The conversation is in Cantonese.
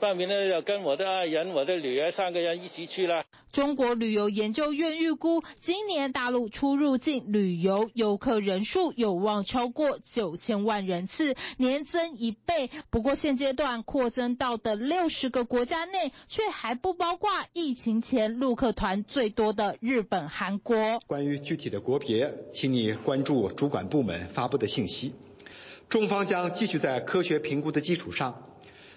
報名咧，跟我的愛人、我的女兒三個人一起去了。中國旅遊研究院預估，今年大陸出入境旅遊遊客人數有望超過九千萬人次，年增一倍。不過現階段擴增到的六十個國家內，卻還不包括疫情前陸客團最多的日本、韓國。關於具體的國別，請你關注主管部門發布的信息。中方將繼續在科學評估的基礎上。